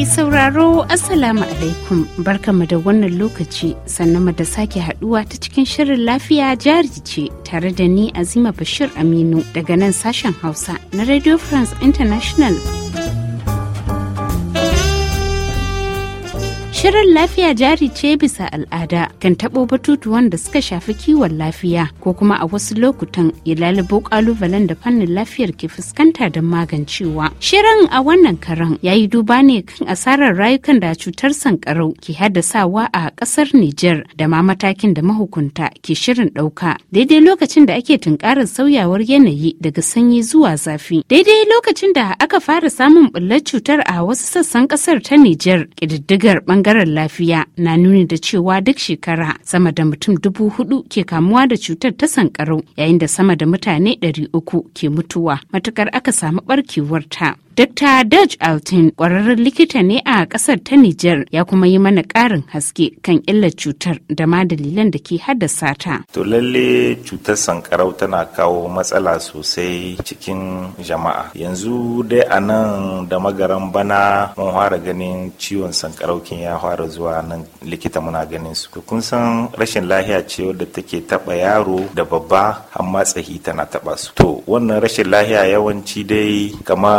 mai sauraro Assalamu alaikum barkamu da wannan lokaci sannan da sake haduwa ta cikin shirin lafiya jari ce tare da ni Azima Bashir Aminu daga nan sashen Hausa na Radio France International. Shirin lafiya jari ce bisa al'ada kan taɓo batutuwan da suka shafi kiwon lafiya ko kuma a wasu lokutan ya lalubo ƙalubalen da fannin lafiyar ke fuskanta don magancewa. Shirin a wannan karan ya yi duba ne kan asarar rayukan da cutar sankarau ke haddasawa a ƙasar Nijar da ma matakin da mahukunta ke shirin ɗauka daidai lokacin da ake tunkarar sauyawar yanayi daga sanyi zuwa zafi daidai lokacin da aka fara samun ɓullar cutar a wasu sassan ƙasar ta Nijar ƙididdigar ɓangare bangaren lafiya na nuni da cewa duk shekara sama da mutum dubu hudu ke kamuwa da cutar ta sankarau yayin da sama da mutane ɗari uku ke mutuwa matukar aka samu ɓarkewarta. Dr. Dodge Altin kwararren likita ne a ƙasar ta Nijar ya kuma yi mana ƙarin haske kan illar cutar da ma dalilan da ke haddasa ta. To lalle cutar sankarau tana kawo matsala sosai cikin jama'a. Yanzu dai a nan da magaran bana mun fara ganin ciwon sankarau kin ya fara zuwa nan likita muna ganin su. Kun san rashin lahiya ce wadda take taɓa yaro da babba amma tsahi tana taɓa su. To wannan rashin lahiya yawanci dai kama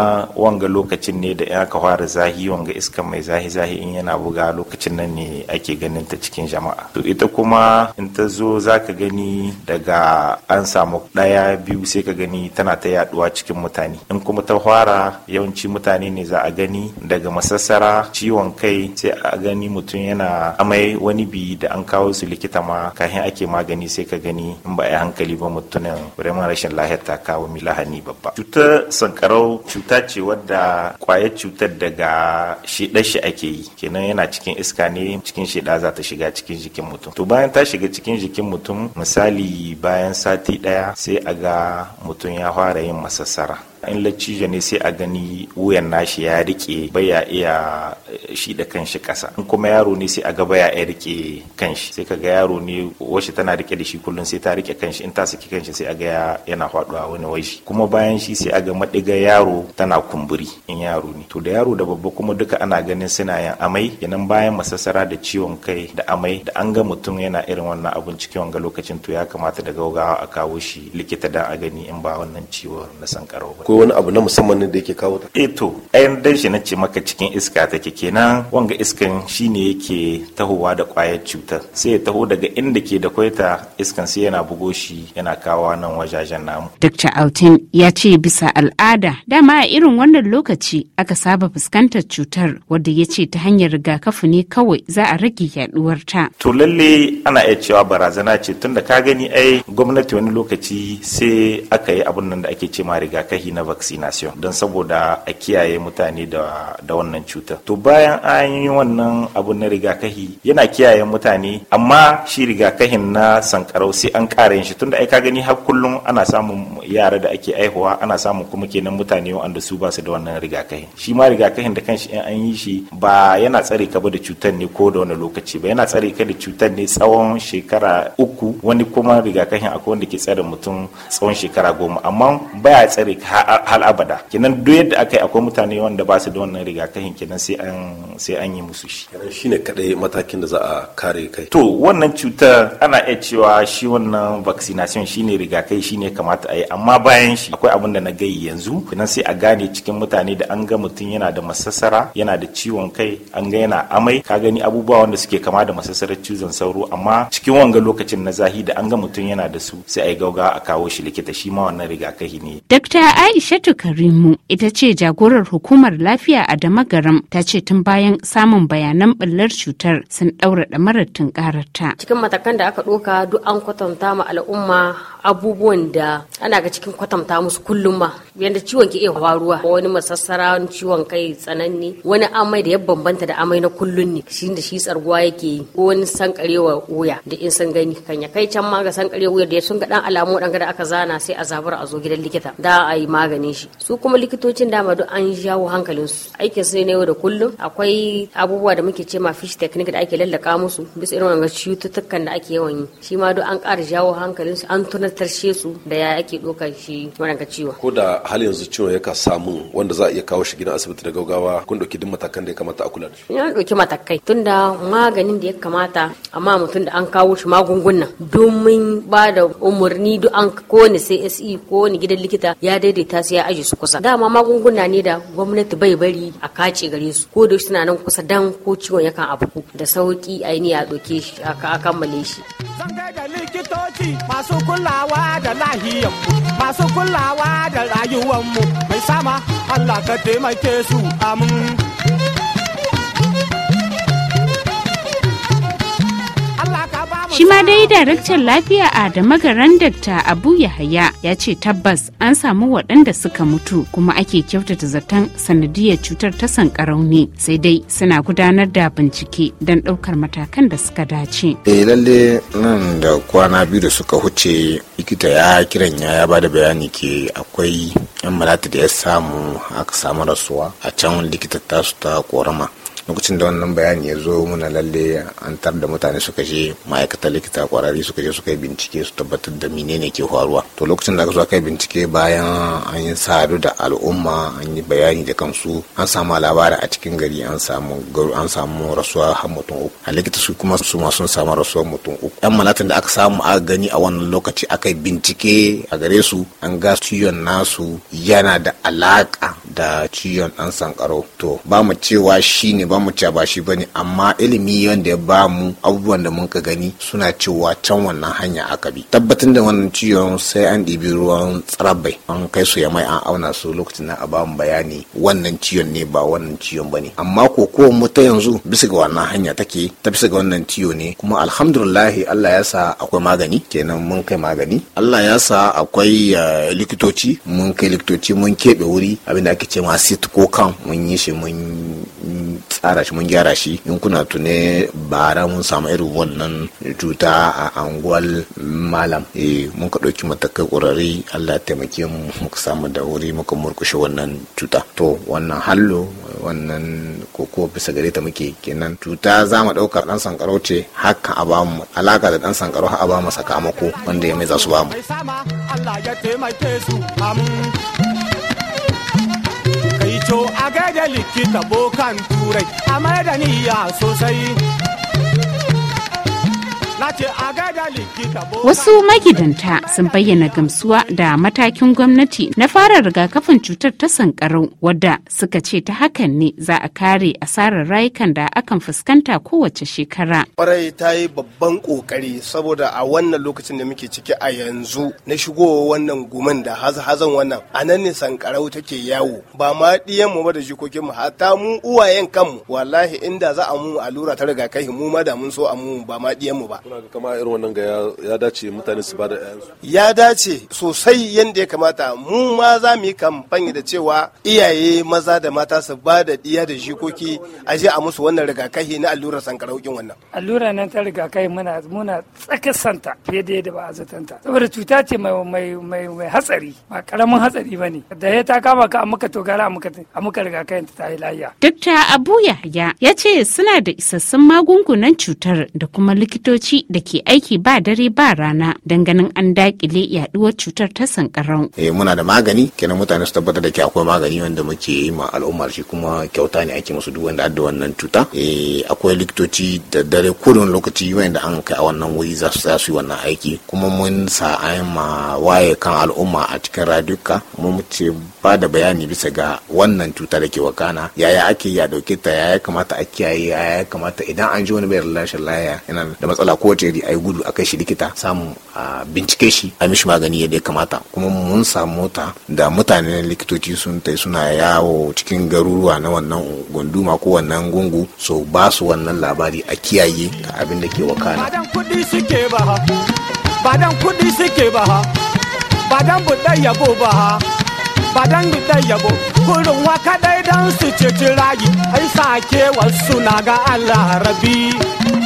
wanga lokacin ne da ya ka fara zahi wanga iska mai zahi zahi in yana buga lokacin nan ne ake ganin ta cikin jama'a to ita kuma in ta zo za ka gani daga an samu ɗaya biyu sai ka gani tana ta yaduwa cikin mutane in kuma ta fara yawanci mutane ne za a gani daga masassara ciwon kai sai a gani mutum yana amai wani bi da an kawo su likita ma kafin ake magani sai ka gani in ba a yi hankali ba mutumin vraiment rashin lahiyar ta kawo lahani babba cutar sankarau cuta ce wadda kwayar cutar daga shida shi ake yi kenan yana cikin iska ne cikin shida za ta shiga cikin jikin mutum to bayan ta shiga cikin jikin mutum misali bayan sati ɗaya sai a ga mutum ya fara yin masassara in laccijo ne sai a gani wuyan nashi ya rike baya iya eh, shi da kanshi kasa in kuma yaro ne sai a ga baya iya rike kanshi sai ga yaro ne washe tana rike da shi kullum sai ta rike kanshi in ta saki kanshi sai a ga yana faduwa wani washi kuma bayan shi sai a ga madiga yaro tana kumburi in yaro ne to da yaro da babba kuma duka ana ganin suna yin amai kenan bayan masasara da ciwon kai da amai da an ga mutum yana irin wannan abun cikin wanga lokacin to ya kamata da gaugawa a kawo shi likita da a gani in ba wannan ciwon na sankarau ba akwai wani abu na musamman ne da yake kawo ta eh to ayin dan na ce maka cikin iska take kenan wanga iskan shine yake tahowa da kwayar cutar sai ya taho daga inda ke da kwaita iskan sai yana bugo shi yana kawo nan wajajen namu dr autin ya ce bisa al'ada dama a irin wannan lokaci aka saba fuskantar cutar wadda ya ce ta hanyar rigakafi ne kawai za a rage yaduwar ta to lalle ana iya cewa barazana ce tunda ka gani ai gwamnati wani lokaci sai aka yi abun nan da ake ce ma rigakafi na na vaccination don saboda a kiyaye mutane da wannan cutar to bayan an yi wannan abu na rigakafi yana kiyaye mutane amma shi rigakafin na sankarau sai an kara yin shi tunda ai ka gani har kullum ana samun yara da ake aihuwa ana samun kuma kenan mutane wanda su ba su da wannan rigakafi shi ma rigakafin da kanshi in an yi shi ba yana tsare ka ba da cutar ne ko da wani lokaci ba yana tsare ka da cutar ne tsawon shekara uku wani kuma rigakafin akwai wanda ke tsare mutum tsawon shekara goma amma baya tsare ka hal abada kenan duk yadda aka yi akwai mutane wanda ba su da wannan rigakafin kenan sai an sai an yi musu shi kenan shine kadai matakin da za a kare kai to wannan cuta ana iya cewa shi wannan vaccination shine rigakafi shine kamata a yi amma bayan shi akwai abin da na gayi yanzu kenan sai a gane cikin mutane da an ga mutum yana da masassara yana da ciwon kai an ga yana amai ka gani abubuwa wanda suke kama da masassarar cizon sauro amma cikin wanga lokacin na zahi da an ga mutum yana da su sai a yi gauga a kawo shi likita shi ma wannan rigakafi ne. Dr. Aishatu Karimu ita ce jagorar hukumar lafiya a Damagaram ta ce tun bayan samun bayanan ɓullar cutar sun ɗaura ɗamarar tunkararta. Cikin matakan da aka ɗoka duk an kwatanta ma al'umma abubuwan da ana ga cikin kwatanta musu kullum ma yadda ciwon ke iya faruwa wani masassara wani ciwon kai tsananne wani amai da ya bambanta da amai na kullun ne shi da shi tsarguwa yake yi ko wani sankarewa wuya da in sun gani kan ya kai can ma ga sankarewa wuya da ya sun ga dan alamu dan gada aka zana sai a zabura a zo gidan likita da a yi magani maganin shi su kuma likitocin dama duk an jawo hankalin su aikin su ne yau da kullum akwai abubuwa da muke ce ma fish technique da ake lallaka musu bisa irin wannan cututtukan da ake yawan yi shi ma duk an ƙara jawo hankalin su an tunatar su da ya ake doka shi wannan ciwon ko da hal yanzu ciwon ka samu wanda za a iya kawo shi gidan asibiti da gaugawa kun dauki duk matakan da ya kamata a kula da shi ina dauki matakai tunda maganin da ya kamata amma mutum da an kawo shi magungunan domin ba da umarni duk an ko sai SE ko ni gidan likita ya daidaita ta sai ya aje su kusa dama magunguna ne da gwamnati bai bari a kace gare su ko da suna nan kusa dan ko ciwon yakan abu da sauki a ni a doke shi a kammale shi da likitoci masu kulawa da lahiyar masu kulawa da rayuwar mu mai sama Allah ka taimake su amin shi ma dai daraktan lafiya a da magaran dakta abu yahaya ya ce tabbas an samu waɗanda suka mutu kuma ake kyautata zaton sanadiyar cutar ta sankarau ne sai dai suna gudanar da bincike don ɗaukar matakan da suka dace. eh lalle nan da kwana biyu da suka huce likita ya kiran ya ya bada bayani ke akwai yan malata da ya samu aka samu rasuwa a can likita tasu ta korama lokacin da wannan bayani ya zo muna lalle an tar da mutane suka je ma'aikatan likita kwararri suka je suka yi bincike su tabbatar da menene ke faruwa to lokacin da aka zo aka bincike bayan an yi sadu da al'umma an yi bayani da kansu an samu labari a cikin gari an samu an samu rasuwa har mutum uku a likita su kuma su ma sun samu rasuwar mutum uku yan malatan da aka samu a gani a wannan lokaci aka bincike a gare su an ga ciwon nasu yana da alaƙa. da ciwon san sankarau to ba mu cewa shi ne ba mu cewa ba shi ba ne amma ilimi wanda ya ba mu abubuwan da mun ka gani suna cewa can wannan hanya aka bi tabbatin da wannan ciwon sai an ɗibi ruwan tsarabbai an kai su ya mai an auna su lokacin na a ba mu bayani wannan ciwon ne ba wannan ciwon ba ne amma ko ko mu ta yanzu bisa ga wannan hanya take ta bisa ga wannan ciwo ne kuma alhamdulillahi Allah ya sa akwai magani kenan mun kai magani Allah ya sa akwai eh, likitoci mun kai likitoci mun keɓe wuri abinda ake ce ma sit ko kan mun yi shi mun tsara shi mun gyara shi in kuna tune bara mun samu irin wannan cuta a angwal malam e eh, mun ka ɗauki matakai kurari allah taimake mu muka samu da wuri muka murkushe wannan cuta to wannan hallo wannan koko bisa gare ta muke kenan cuta za mu ɗauka ɗan sankaro ce haka a bamu alaka da ɗan sankaro ha a bamu sakamako wanda ya mai za su bamu Allah da likita bokan turai a mai da niyya sosai Wasu magidanta sun bayyana gamsuwa da matakin gwamnati na fara rigakafin cutar ta sankarau wadda suka ce ta hakan ne za a kare asarar rayukan da akan fuskanta kowace shekara. Kwarai ta yi babban kokari saboda a wannan lokacin da muke ciki a yanzu na shigo wannan gumin da hazan wannan a nan ne sankarau take yawo ba ma mu ba da jikokin mu hatta mu uwayen kanmu wallahi inda za a mu allura ta rigakafi mu ma da mun so a mu ba ma mu ba. ga kama irin wannan ga ya dace mutane su bada ya dace sosai yadda ya kamata mu ma za mu yi kamfani da cewa iyaye maza da mata su ba da diya da jikoki a je a musu wannan rigakafi na allurar sankara hukin wannan allura nan ta rigakafi muna muna tsakasanta fiye da yadda ba a zatanta saboda cuta ce mai mai mai mai hatsari ba karamin hatsari bane da ya ta kama ka a maka togara a a maka rigakafin ta yi lafiya Dr. Abu Yahya ya ce suna da isassun magungunan cutar da kuma likitoci da ke aiki ba dare ba rana ganin an dakile yaduwar cutar ta sankarau. Eh muna da magani kenan mutane su tabbatar da ke akwai magani wanda muke yi ma al'ummar shi kuma kyauta ne ake musu duk wanda da wannan cuta. Eh akwai likitoci da dare kodon lokaci wanda an kai a wannan wuri za su yi wannan aiki kuma mun sa ayin ma waye kan al'umma a cikin radiyuka mun ce ba da bayani bisa ga wannan cuta da ke wakana yaya ake ya dauke ta yaya kamata a kiyaye yaya kamata idan an ji wani bayar lashin laya yana da matsala ko kowace iri a yi gudu a kai shi likita samu a bincike shi a mishi magani yadda ya kamata kuma mun samu mota da mutanen likitoci sun tai suna yawo cikin garuruwa na wannan gunduma ko wannan gungu so ba su wannan labari a kiyaye ga abin da ke wakana. Badan kudi suke ba ha, badan budan yabo ba ha, badan budan yabo, kurin waka dai don su ce rayu, ai sake wasu na ga Allah rabi.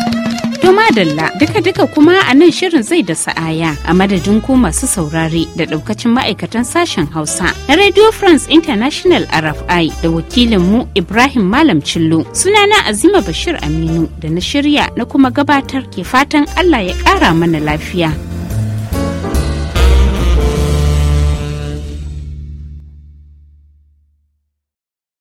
To madalla duka-duka kuma a nan shirin zai da sa'aya a madadin ku masu saurare da daukacin ma'aikatan sashen Hausa na Radio France International RFI da wakilin mu Ibrahim Malam Cillo na Azima Bashir Aminu da na shirya na kuma gabatar ke fatan Allah ya kara mana lafiya.